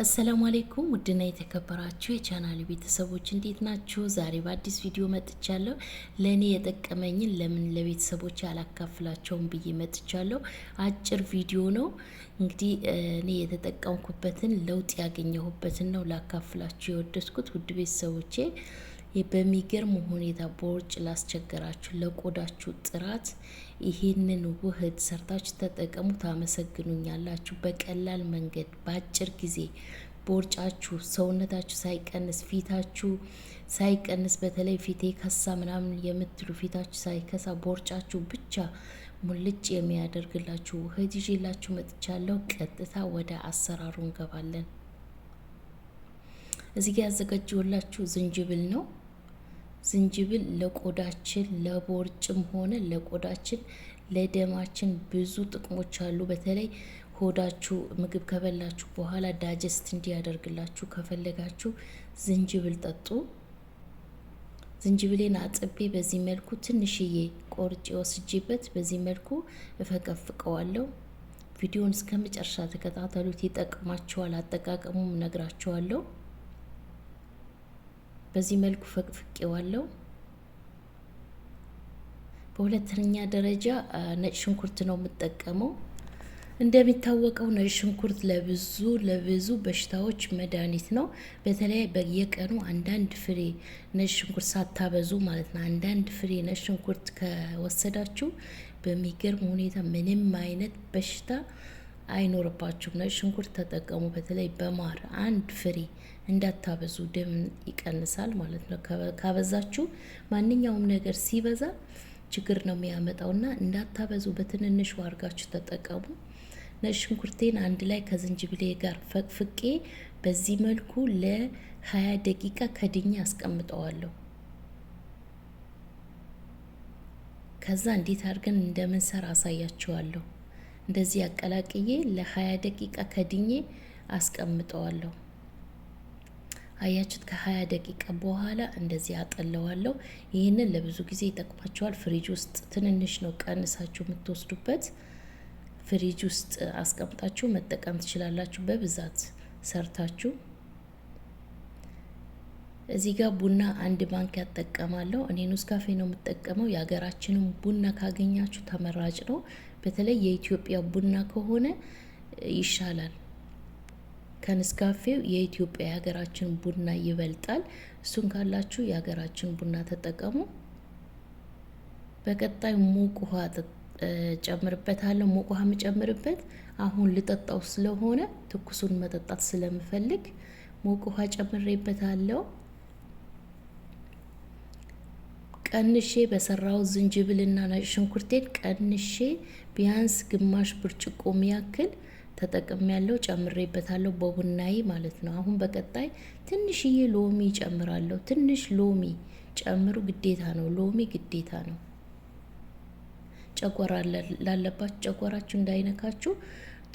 አሰላሙ አሌይኩም ውድና የተከበራችሁ የቻናል ቤተሰቦች እንዴት ናችሁ? ዛሬ በአዲስ ቪዲዮ መጥቻለሁ። ለእኔ የጠቀመኝን ለምን ለቤተሰቦች አላካፍላቸውም ብዬ መጥቻለሁ። አጭር ቪዲዮ ነው እንግዲህ እኔ የተጠቀምኩበትን ለውጥ ያገኘሁበትን ነው ላካፍላችሁ የወደድኩት ውድ ቤተሰቦቼ በሚገርም ሁኔታ በውርጭ ላስቸገራችሁ ለቆዳችሁ ጥራት ይህንን ውህድ ሰርታችሁ ተጠቀሙ፣ ታመሰግኑኛላችሁ። በቀላል መንገድ በአጭር ጊዜ ቦርጫችሁ ሰውነታችሁ ሳይቀንስ ፊታችሁ ሳይቀንስ በተለይ ፊቴ ከሳ ምናምን የምትሉ ፊታችሁ ሳይከሳ ቦርጫችሁ ብቻ ሙልጭ የሚያደርግላችሁ ውህድ ይዤላችሁ መጥቻለሁ። ቀጥታ ወደ አሰራሩ እንገባለን። እዚህ ጋ ያዘጋጀሁላችሁ ዝንጅብል ነው። ዝንጅብል ለቆዳችን ለቦርጭም ሆነ ለቆዳችን ለደማችን ብዙ ጥቅሞች አሉ። በተለይ ሆዳችሁ ምግብ ከበላችሁ በኋላ ዳጀስት እንዲያደርግላችሁ ከፈለጋችሁ ዝንጅብል ጠጡ። ዝንጅብሌን አጥቤ በዚህ መልኩ ትንሽዬ ቆርጭ ወስጅበት በዚህ መልኩ እፈቀፍቀዋለሁ። ቪዲዮን እስከ መጨረሻ ተከታተሉት፣ ይጠቅማችኋል። አጠቃቀሙም ነግራችኋለሁ። በዚህ መልኩ ፈቅፍቄዋለሁ። በሁለተኛ ደረጃ ነጭ ሽንኩርት ነው የምጠቀመው። እንደሚታወቀው ነጭ ሽንኩርት ለብዙ ለብዙ በሽታዎች መድኃኒት ነው። በተለይ በየቀኑ አንዳንድ ፍሬ ነጭ ሽንኩርት ሳታበዙ ማለት ነው፣ አንዳንድ ፍሬ ነጭ ሽንኩርት ከወሰዳችሁ በሚገርም ሁኔታ ምንም አይነት በሽታ አይኖርባችሁም። ነጭ ሽንኩርት ተጠቀሙ። በተለይ በማር አንድ ፍሬ እንዳታበዙ፣ ደም ይቀንሳል ማለት ነው። ካበዛችሁ ማንኛውም ነገር ሲበዛ ችግር ነው የሚያመጣው እና እንዳታበዙ፣ በትንንሹ አድርጋችሁ ተጠቀሙ። ነጭ ሽንኩርቴን አንድ ላይ ከዝንጅብሌ ጋር ፈቅፍቄ በዚህ መልኩ ለሀያ ደቂቃ ከድኛ አስቀምጠዋለሁ። ከዛ እንዴት አድርገን እንደምንሰራ አሳያችኋለሁ። እንደዚህ አቀላቅዬ ለሀያ ደቂቃ ከድኜ አስቀምጠዋለሁ። አያችሁት? ከሀያ ደቂቃ በኋላ እንደዚህ አጠለዋለሁ። ይህንን ለብዙ ጊዜ ይጠቅማቸዋል። ፍሪጅ ውስጥ ትንንሽ ነው ቀንሳችሁ የምትወስዱበት ፍሪጅ ውስጥ አስቀምጣችሁ መጠቀም ትችላላችሁ። በብዛት ሰርታችሁ እዚህ ጋር ቡና አንድ ባንክ ያጠቀማለሁ። እኔ ኔስካፌ ነው የምጠቀመው። የሀገራችንም ቡና ካገኛችሁ ተመራጭ ነው። በተለይ የኢትዮጵያ ቡና ከሆነ ይሻላል። ከንስካፌው የኢትዮጵያ የሀገራችን ቡና ይበልጣል። እሱን ካላችሁ የሀገራችን ቡና ተጠቀሙ። በቀጣይ ሙቅ ውሃ ጨምርበታለሁ። ሙቅ ውሃ የምጨምርበት አሁን ልጠጣው ስለሆነ ትኩሱን መጠጣት ስለምፈልግ ሙቅ ውሃ ጨምሬበታለሁ። ቀንሼ በሰራው ዝንጅብልና ነጭ ሽንኩርቴን ቀንሼ ቢያንስ ግማሽ ብርጭቆ ሚያክል ያለው ጨምሬበታለሁ በቡናዬ ማለት ነው። አሁን በቀጣይ ትንሽዬ ሎሚ ጨምራለሁ። ትንሽ ሎሚ ጨምሩ፣ ግዴታ ነው። ሎሚ ግዴታ ነው። ጨጓራ ላለባችሁ ጨጓራችሁ እንዳይነካችሁ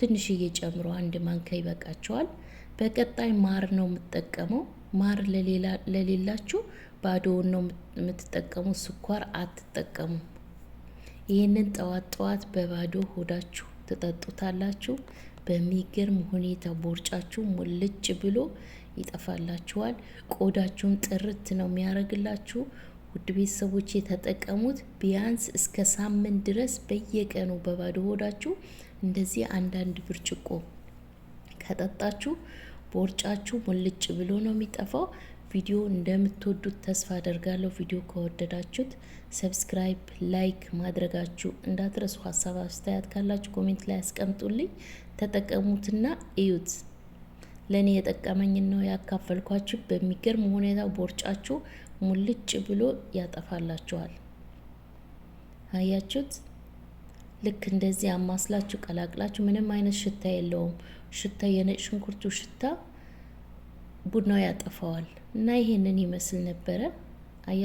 ትንሽዬ ጨምሮ አንድ ማንካ ይበቃቸዋል። በቀጣይ ማር ነው የምጠቀመው። ማር ለሌላችሁ ባዶውን ነው የምትጠቀሙት፣ ስኳር አትጠቀሙ። ይህንን ጠዋት ጠዋት በባዶ ሆዳችሁ ትጠጡታላችሁ። በሚገርም ሁኔታ ቦርጫችሁ ሙልጭ ብሎ ይጠፋላችኋል። ቆዳችሁም ጥርት ነው የሚያደርግላችሁ። ውድ ቤተሰቦች የተጠቀሙት ቢያንስ እስከ ሳምንት ድረስ በየቀኑ በባዶ ሆዳችሁ እንደዚህ አንዳንድ ብርጭቆ ከጠጣችሁ ቦርጫችሁ ሙልጭ ብሎ ነው የሚጠፋው። ቪዲዮ እንደምትወዱት ተስፋ አደርጋለሁ። ቪዲዮ ከወደዳችሁት ሰብስክራይብ፣ ላይክ ማድረጋችሁ እንዳትረሱ። ሀሳብ አስተያየት ካላችሁ ኮሜንት ላይ አስቀምጡልኝ ተጠቀሙትና እዩት። ለእኔ የጠቀመኝን ነው ያካፈልኳችሁ። በሚገርም ሁኔታ ቦርጫችሁ ሙልጭ ብሎ ያጠፋላችኋል። አያችሁት? ልክ እንደዚህ አማስላችሁ ቀላቅላችሁ ምንም አይነት ሽታ የለውም። ሽታ የነጭ ሽንኩርቱ ሽታ ቡናው ያጠፋዋል እና ይሄንን ይመስል ነበረ አያ